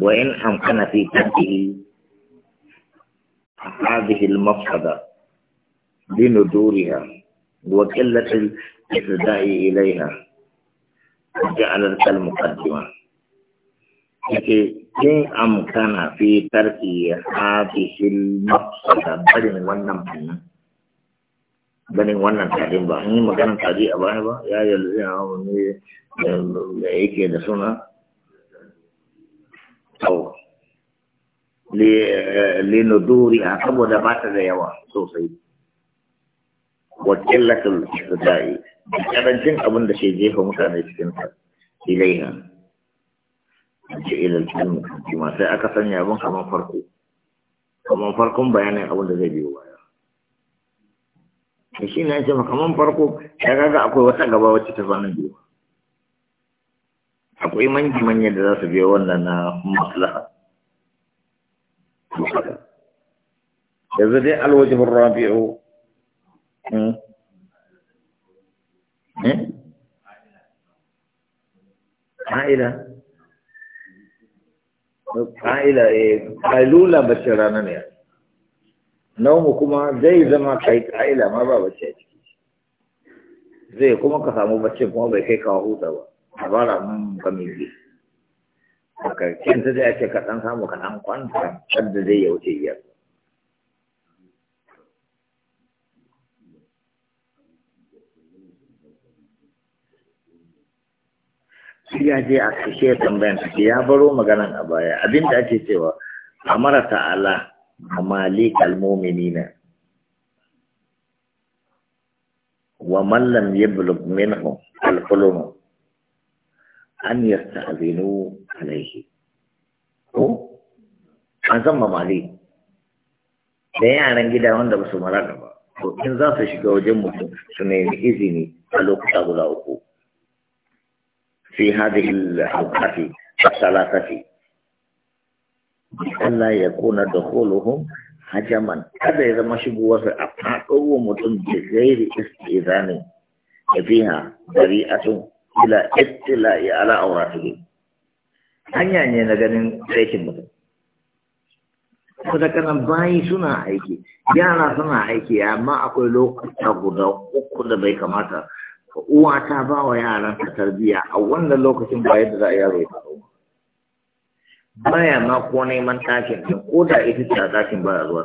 وإن أمكن في كتبه هذه المفسدة لندورها وقلة الإهداء إليها جعل المقدمة لكن إن أمكن في ترك هذه المفسدة بل ونمكن ganin wannan tarin ba an yi magana tari a baya ba ya yi da yake da suna tsawo linodori eh, no saboda ha ta da yawa sosai wakilatul istidai da karancin abin da ke jefa mutane cikin ta ilaiha ce ilal ilmi kuma sai aka sanya abin kamar farko kamar farkon bayanin abin da zai biyo baya shi ne ya ce kamar farko ya gaga akwai wata gaba wacce ta zanen biyu akwai manya-manya da za su biya wannan na maslaha yanzu dai alwajin rabi'u ƙa'ila hmm? hmm? ƙa'ila ƙailula eh, bacci rana ne naumu kuma zai zama kai ƙa'ila ma ba bace a ciki zai kuma ka samu bacci kuma bai kai kawo huta ba habara nan ba mai kin sai ya zai ake dan samu dan kwanta da zai ya wuce ya je a kashe tambayan ya baro maganan a baya abinda ake cewa amara ta'ala a malik kalmominina. wa Mallam lam minhu al-hulum an yasta'zinu alaihi ko an san mamali da yaran gida wanda ba su mara ba to in za su shiga wajen mutum su nemi izini a lokuta guda uku fi hadhihi al-awqati as-salatati Allah ya kuna dukhuluhum hajaman kada ya zama shigowar a wa mutum da gairi istizani ya a bari'atun ila ittila'i ala auratihi hanya ne na ganin aikin mutum sadaka bayi suna aiki yara suna aiki amma akwai lokuta guda uku da bai kamata uwa ta ba wa yaran ta tarbiyya a wannan lokacin ba yadda za a yaro ya faru baya ma ko neman takin din ko da ita ce a ba baya zuwa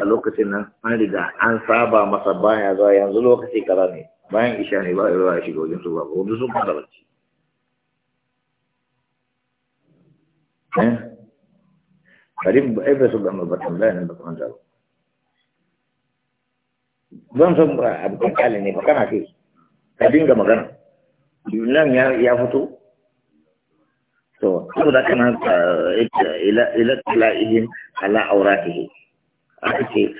a lokacin nan an riga an saba masa baya zuwa yanzu lokaci kara ne bayan isha ne ba ruwa ya shiga wajen su ba wanda sun fara bacci karim ba su gama ba tambaya ne ba kuma ba san ba ne ba kana ka dinga magana nan ya fito to saboda kana ila ila ila ala ake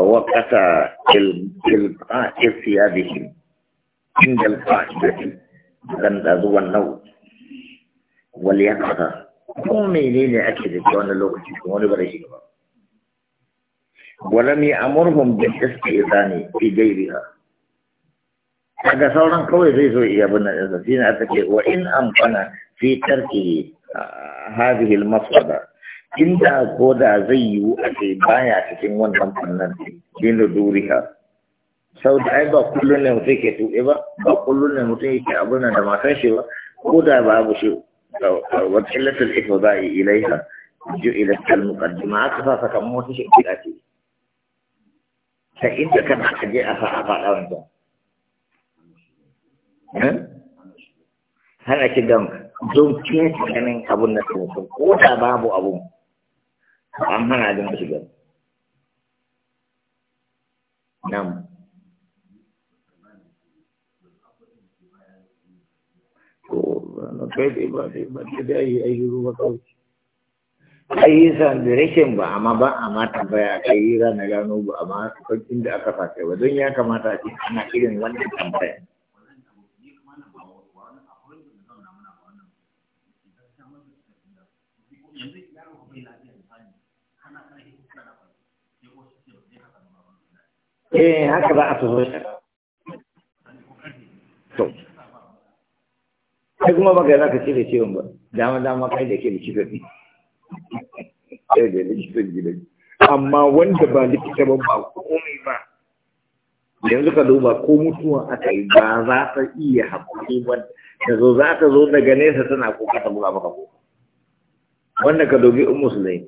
wakata ilfiya da shi inda alfahimci zan da zuwan nau waliya kasa ko menene ake da ke wani lokaci kuma wani bare shi Daga sauran kawai zai في iya هذا صورا قوي زي زي ابن الذين أتكي وإن أمكن في تركه هذه المصلحة inda ko da zai yiwu a ce baya cikin wannan fannin din da duriha sau da ai ba kullum ne mutum ke tuɗe ba ba kullum ne mutum ke abin da matan shi ba ko da babu shi wata illatul ita za a yi ilaiha ju illatul muqaddima aka sa saka mota shi ke dace ta inda kan aka je a sa a faɗa wancan eh? hana ki gan don kesa ganin abun ta mutum ko da babu abun an hana jin shiga nan to na kai dai ba dai ba da rashin ba amma ba a ma tambaya kai na gano ba amma kwancin da aka fata ba don ya kamata a ce ana irin wannan tambaya eh haka za a so to Sai kuma baka za ka cire ciwon ba dama dama kai da ke da ciwon ne kai da da ciwon gidan amma wanda ba likita ba ba komai ba yanzu ka duba ko mutuwa aka yi ba za ta iya haƙuri ba ta zo za ta zo daga nesa tana ka ta buga ka ko. wanda ka dogi in musulai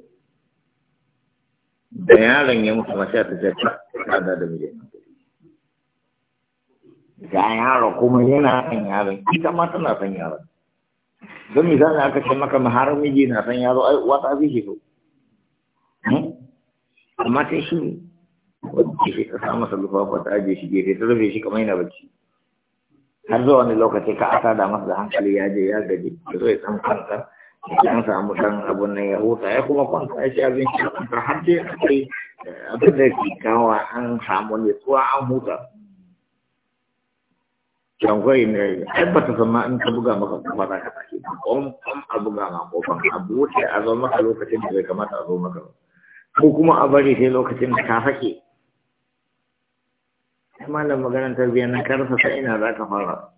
da yaron ya mutu masu ta ce ta da da mijin ga yaro kuma yana son yaron ita ma tana son yaron don misali aka ce maka maharar miji na son yaro ai uwa ta fi shi so hmm? amma sai shi ne wadda shi ka samu salufa ko ta ajiye shi gefe ta rufe shi kamar yana bacci har zuwa wani lokaci ka asa da masa da hankali ya je ya gaji ya zo ya san kanta an samu dan abun nan ya huta ya kuma kwanta ya ci abinci da har dai akai abin da ke kawa an samu ne tsuwa an huta can kwai ne ai ba ta zama in ka buga maka kuma za ka tashi kom kom a buga ma kofan a buɗe a zo maka lokacin da bai kamata a zo maka ba ko kuma a bari sai lokacin da ka sake malam maganar tarbiyyar na karfa sa ina za ka fara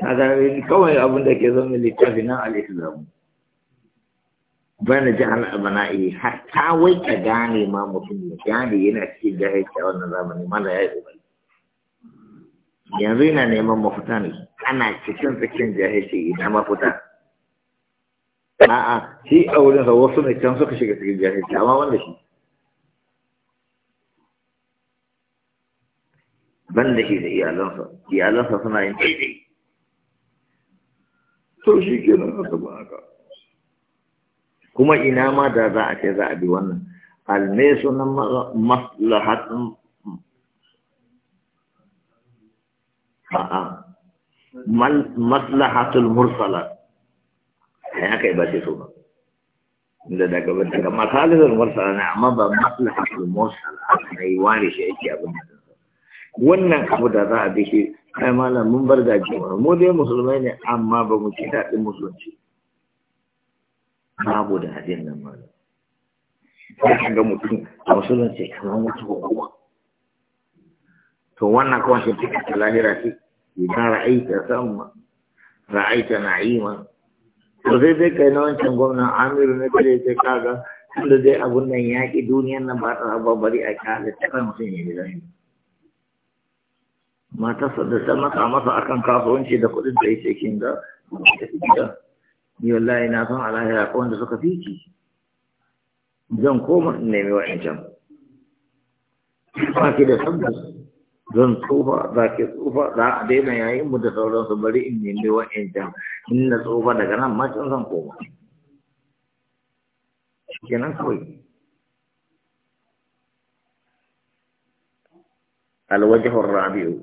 kaga kawai abin da ke zama littafi na al-islamu bana ji an abana'i ta wai ka gane ma mutum ya gane yana cikin jahil a wannan zamani mana ya yi ƙoƙari yanzu yana neman mafuta ne ana cikin cikin shi ina mafuta. a'a shi a wurin sa wasu ne can suka shiga cikin jahilci amma wanda shi ban da shi da iyalansa iyalansa suna yin daidai to shi kenan haka ba haka kuma ina ma da za a ce za a bi wannan alme sunan maslahatun a'a maslahatul mursala ya kai ba ce so ba da daga daga masalisul mursala ne amma ba maslahatul mursala ne wani shi yake abin da wannan abu da za a bi shi kai malam mun bar ke mu dai musulmai ne amma ba mu ci daɗin musulunci babu da hadin nan ma sai ga mutum a musulunci kamar mutu kowa to wannan kawai shi cikin ta lahira ce idan ra'aita sama ra'aita na'ima to sai zai kai na wancan gwamnan amiru na kare sai kaga tunda zai abun nan yaƙi duniyan nan ba ta ba bari a kyale ta kan mutum ya gida matarsa da ta masa masa akan kasuwanci da kuɗin da ya ce kin ga ni wallahi na san alahira ko wanda suka fi ki zan koma in nemi wa'ancan ba ki da tabbas zan tsufa za ki tsofa za a daina yayin mu da sauransu bari in nemi wa'ancan in na tsufa daga nan ma can zan koma kenan kawai alwajahun Rabi'u.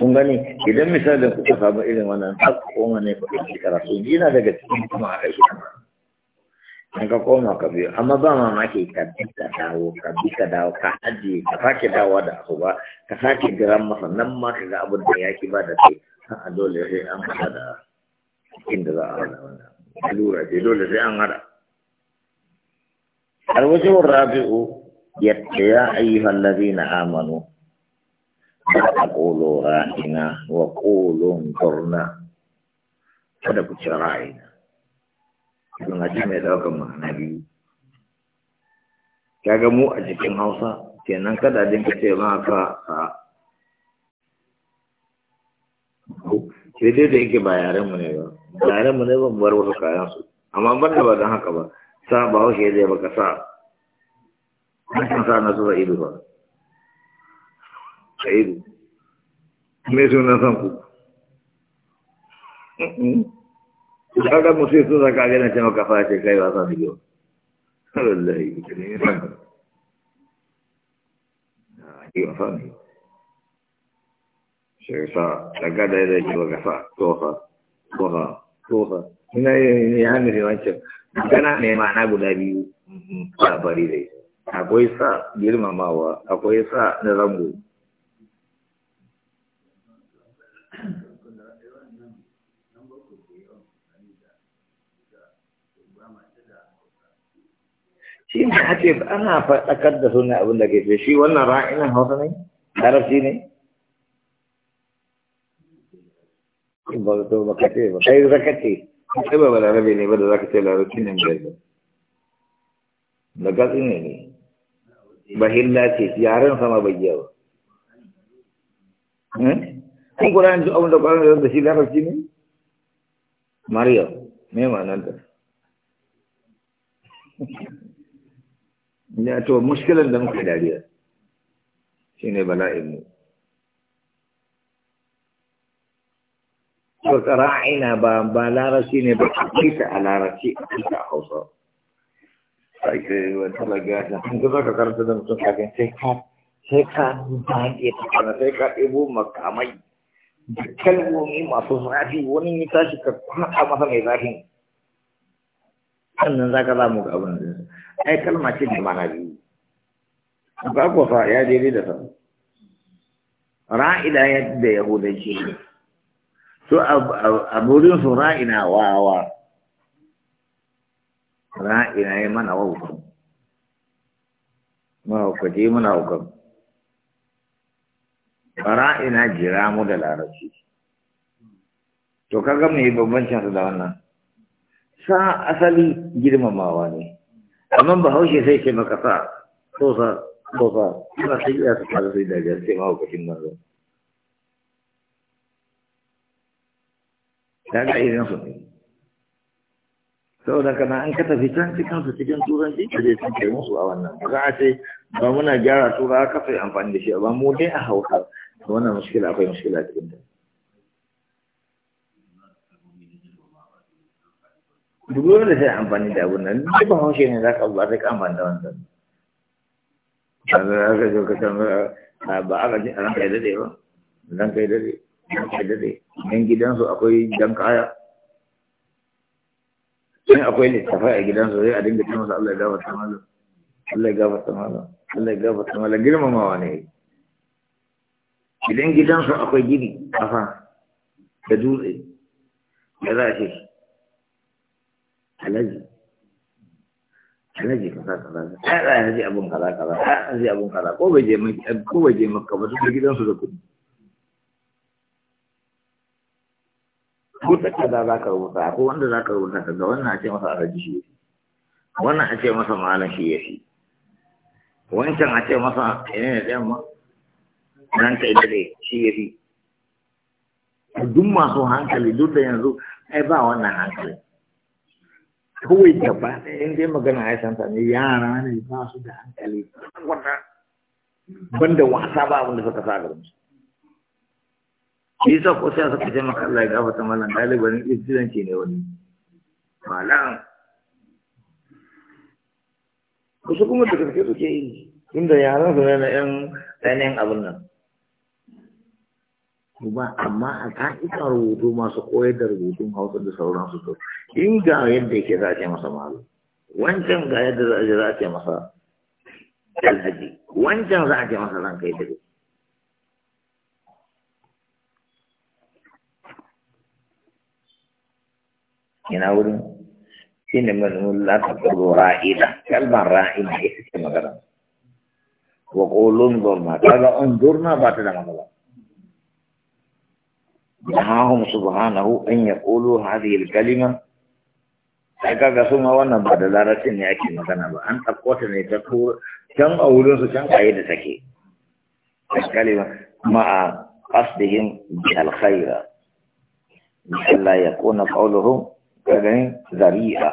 sun gani idan misalin kuka samu irin wannan har koma ne ku ɗauki karatu yana daga cikin kuma a ɗauki karatu in ka koma ka biyo amma ba mamaki ka bi ka dawo ka bi ka dawo ka ajiye ka sake dawo da abu ba ka sake giran masa nan ma ka ga abin da yaki ba da kai a dole sai an haɗa da inda za a haɗa wannan lura ce dole sai an haɗa alwajewar rabi'u yadda ya ayyuhan lazina amanu da aqulu ra'ina wa qulu zurna kada ku ce ra'ina don aji mai daukan ma'ana biyu kaga mu a cikin hausa kenan kada dinka ce ma ka sai dai da yake ba yaren mu ne ba yaren mu ne ba bar wasu kayan su amma ban da ba don haka ba sa ba haushe zai baka sa an sa na su ido ba sa'idu me sunan san ku kaga musu sai sun zaka gane ce maka fa ce kai wasa da yau wallahi ne san yi wasa ne sai sa daga da da ji wasa fa to fa to ina yi ya ne wancan kana ne ma'ana guda biyu ba bari dai akwai sa girmamawa akwai sa na zango shi ne ake ana faɗakar da suna abin da ke ce shi wannan ra'inan hausa ne larabci ne ba to ba ka ce ba kai zaka ce kai ba larabe ne ba da zaka ce larabci ne ba da gatsi ne ne bahilla ce yaren sama bai yi ba hmm? kun kuna yanzu abin da kwanan da shi larabci ne mariya me ma nan da ne to mushkilan da muke dariya shi ne bala'inmu to tsara'ina ba ba larashi ne ba a kaita a larashi a kaita a hausa sake wata lagata an ga ka karanta da mutum kafin sai ka sai ka baƙe ta kana sai ka ɗebo makamai da kalmomi masu zafi wani ya tashi ka kwaɗa masa mai zafin sannan za ka za mu ga abin da ai kalma ce da mana biyu ba ko fa ya je da sa ra'ida ya da yahudanci ne to a burin su ra'ina wawa ra'ina ya mana waukan mahaukaci mana waukan ra'ina jira mu da larabci to kaga mai bambancin su da wannan sa asali girmamawa ne amma ba haushe sai ce maka sa sosa sa so sa ina sai iya ta fara sai da gaske ma hukumin manzo kaga irin su ne saboda kana an ka tafi cikin su cikin turanci ka je sun kai musu a wannan ba za a ce ba muna gyara tura ka sai amfani da shi ba mu dai a hauka wannan mushkila akwai mushkila cikin ta dole sai amfani da abun nan duk ba haushe ne za ka ba sai ka amfani da wancan kaga aka zo ka san ba aka ji a ranka da dai ba ranka ya kai ranka dai. dade yan gidansu akwai jan kaya in akwai littafai a gidansu sai a dinga cewa Allah ya gafarta malam Allah ya gafarta malam Allah ya gafarta malam girmamawa ne idan gidansu akwai gini kafa da dutse ya za a ce alaji alaji kaza kaza ai alaji abun kaza kaza ai alaji abun kaza ko bai je maka ko bai je maka ba duk su da kudi ko ta kaza za ka rubuta ko wanda za ka rubuta kaza wannan a ce masa alaji shi wannan a ce masa malam shi yake wancan a ce masa ina ne da ma nan ita idare shi yake duk masu hankali duk da yanzu ai ba wannan hankali kawai gaba ɗaya in dai magana ya san ne yara ne ba su da hankali wanda banda wasa ba da suka sa gaban su shi yasa ko sai suka ce maka Allah ya gafarta mallan ɗaliban istilan ce ne wani malam wasu kuma da gaske suke yi tunda yaran su ne na ƴan ɗanin abin nan kuma amma a ka'ida rubutu masu koyar da rubutun hausa da sauransu to in ga yadda yake za a masa malu wancan ga yadda za a ce masa alhaji wancan za a ce masa ranka yi daga ina wurin shi ne mazmun latakuru ra'ida kalmar ra'ida ita ce magana wa ƙolon zurna kaga on zurna ba ta da magana نهاهم سبحانه أن يقولوا هذه الكلمة kaga su ma wannan ba da larabcin ne ake magana ba an ɗauko ta ne ta turo can a wurin su can kaye da take kalima ma'a qasdihim bi alkhaira Allah ya kona qauluhum kaga zari'a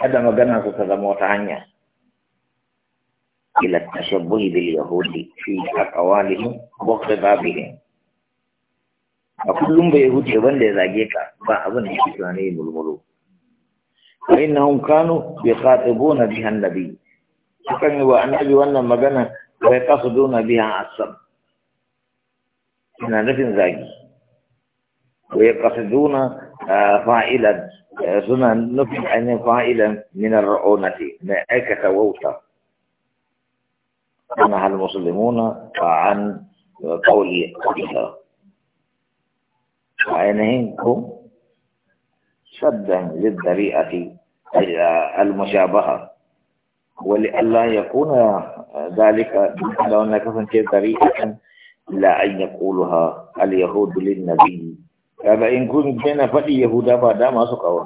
kada magana su ta zama wata hanya ila tashabbuhi bil yahudi fi aqwalihim wa qadabihim a kullum bai huce wanda ya zage ka ba abin da yake tunani mulmulo fa innahum kanu yaqatibuna biha annabi sukan yi wa annabi wannan magana wa yaqasuduna biha asab ina nufin zagi wa yaqasuduna fa'ilan suna nufin ainihin fa'ilan min ar-ra'unati mai aikata wauta أنها المسلمون عن قول الله ainihin ko saddan liddari'ati المشابهة ولئلا يكون ذلك لو أنك فانت طريقة لا أن يقولها اليهود للنبي هذا إن كنت بين فلي يهودا بعد ما سقوا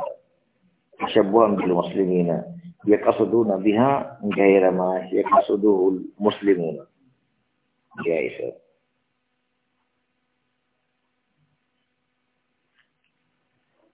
تشبها بالمسلمين يقصدون بها غير ما يقصده المسلمون جائزة